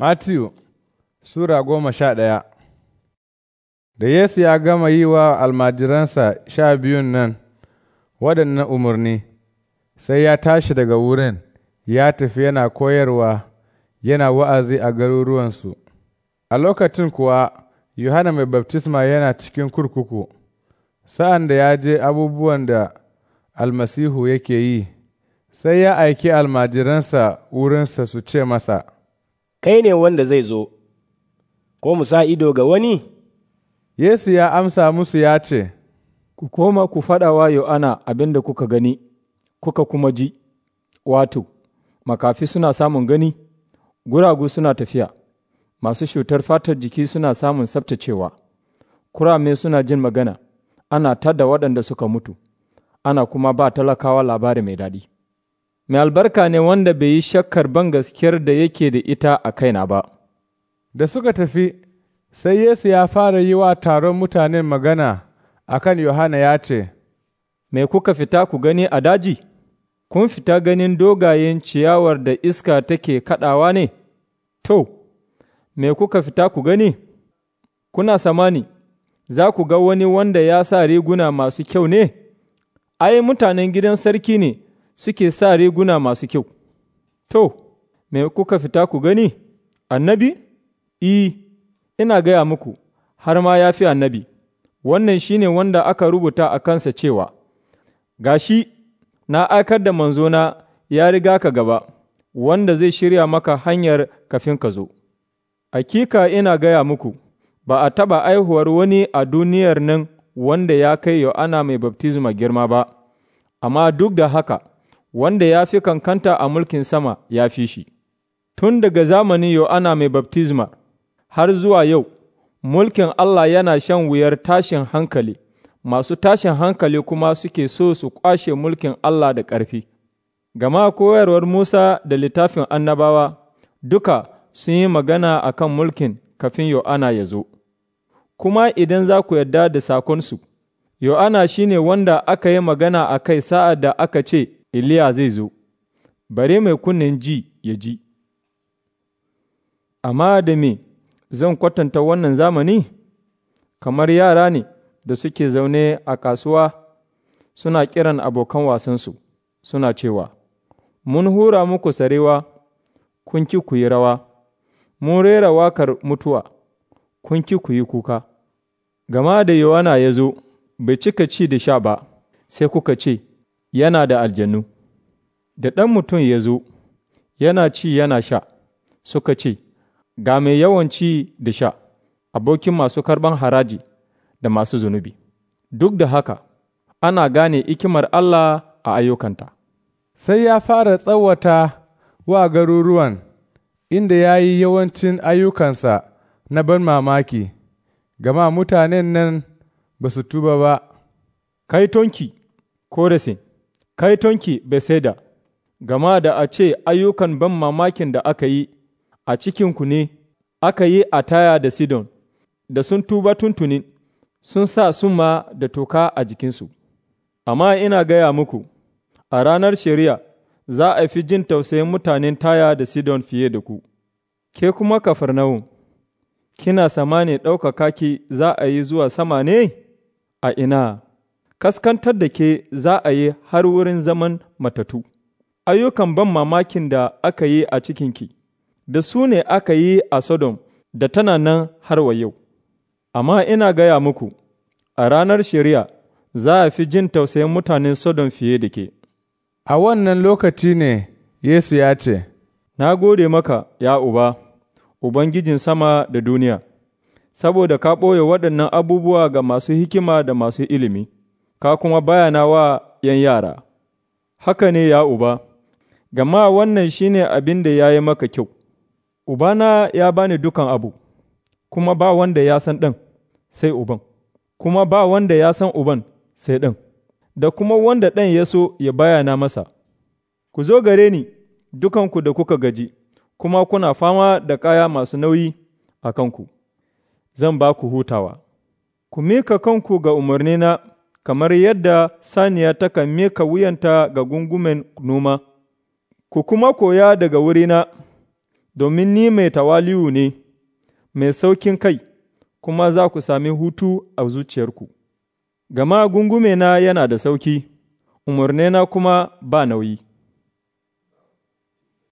Matiyu Sura goma sha ɗaya Da Yesu ya gama yi wa almajiransa sha biyun nan waɗannan umarni, sai ya tashi daga wurin, ya tafi yana koyarwa, yana wa'azi a garuruwansu. A lokacin kuwa, Yohana mai baftisma yana cikin kurkuku, sa'an da ya je abubuwan da almasihu yake yi, sai ya aiki almajiransa wurinsa su ce masa, kai ne wanda zai zo, ko mu sa ido ga wani? Yesu ya amsa musu ya ce, Ku koma ku faɗa wa Yohana abin da kuka gani, kuka kuma ji, wato, makafi suna samun gani, guragu suna tafiya, masu cutar fatar jiki suna samun tsaftacewa, kurame suna jin magana, ana tada waɗanda suka mutu, ana kuma ba talakawa labari mai daɗi. mai albarka ne wanda bai yi shakkar ban gaskiyar da yake da ita a kaina ba. Da suka tafi, sai Yesu ya fara yi wa taron mutanen magana a kan Yohana ya ce, Me kuka fita ku gani a daji? Kun fita ganin dogayen ciyawar da iska take kaɗawa ne? To, me kuka fita ku gani? Kuna samani, za ku ga wani wanda ya sa riguna masu kyau ne? Ai, mutanen gidan sarki ne. suke sa riguna masu kyau. To, me kuka fita ku gani? Annabi? I, e, ina gaya muku, har ma ya fi annabi, wannan shi ne wanda aka rubuta a kansa cewa, Gashi, na aikar da manzona ya riga ka gaba, wanda zai shirya maka hanyar kafin ka zo. akika ina gaya muku, ba a taɓa aihuwar wani a duniyar nan wanda ya kai ana mai baptisma girma ba, amma duk da haka, wanda ya fi kankanta a mulkin sama ya fi shi. Tun daga zamanin Yohana mai baptisma har zuwa yau, mulkin Allah yana shan wuyar tashin hankali, masu tashin hankali kuma suke so su kwashe mulkin Allah da ƙarfi. Gama koyarwar Musa da littafin annabawa duka sun yi magana a kan mulkin kafin Yohana ya zo. Kuma idan za ku yarda da sakonsu, Yohana shi ne wanda aka yi magana a kai sa'ad da aka ce, Iliya zai zo, bare mai kunnen ji ya ji. Amma da me zan kwatanta wannan zamani? Kamar yara ne da suke zaune a kasuwa suna kiran abokan wasansu, suna cewa, Mun hura muku sarewa, kun ki ku yi rawa, mun rera wakar mutuwa, kun ki ku yi kuka. Gama da Yohana ya zo, bai cika ci da sha ba, sai kuka ce, yana da aljanu, da ɗan mutum ya zo, yana ci yana sha, suka ce, Ga mai yawan ci da sha, abokin masu karɓan haraji da masu zunubi. Duk da haka, ana gane ikimar Allah a ayyukanta. Sai ya fara tsawata wa garuruwan inda ya yi yawancin ayyukansa na ban mamaki, gama mutanen nan ba su tuba ba. Kaitonki, Koresin, Kaitonki Beseda, gama da a ce ayyukan ban mamakin da aka yi a cikinku ne, aka yi a taya da Sidon, da sun tuba tuntuni, sun sa suma da toka a jikinsu. Amma ina gaya muku, a ranar shari'a za a fi jin tausayin mutanen taya da Sidon fiye da ku. Ke kuma kafarnaun, kina sama ne ɗaukaka ki za a yi zuwa sama ne? A ina. kaskantar da ke za a yi har wurin zaman matatu, ayyukan ban mamakin da aka yi a cikinki, da su ne aka yi a Sodom da tana nan har wa yau. Amma ina gaya muku, a ranar shari'a za a fi jin tausayin mutanen Sodom fiye da ke. A wannan lokaci ne Yesu ya ce, Na gode maka, ya Uba, Ubangijin sama da duniya, saboda ka ɓoye waɗannan abubuwa ga masu hikima da masu ilimi. ka kuma bayana wa ’yan yara, haka ne ya uba, gama wannan shine abin da ya yi maka kyau, Ubana ya bani dukan abu, kuma ba wanda ya san ɗan sai uban, kuma ba wanda ya san uban sai ɗan, da kuma wanda ɗan ya so ya bayana masa, ku zo gare ni dukanku da kuka gaji, kuma kuna fama da kaya masu nauyi a kanku, zan ba ku hutawa, ku mika kanku ga umarnina. kamar yadda saniya ta kan meka wuyanta ga gungumen noma, ku kuma koya daga wurina, domin ni mai tawali'u ne, mai saukin kai, kuma za ku sami hutu a zuciyarku. Gama gungumena yana da sauki, umarnena kuma ba nauyi.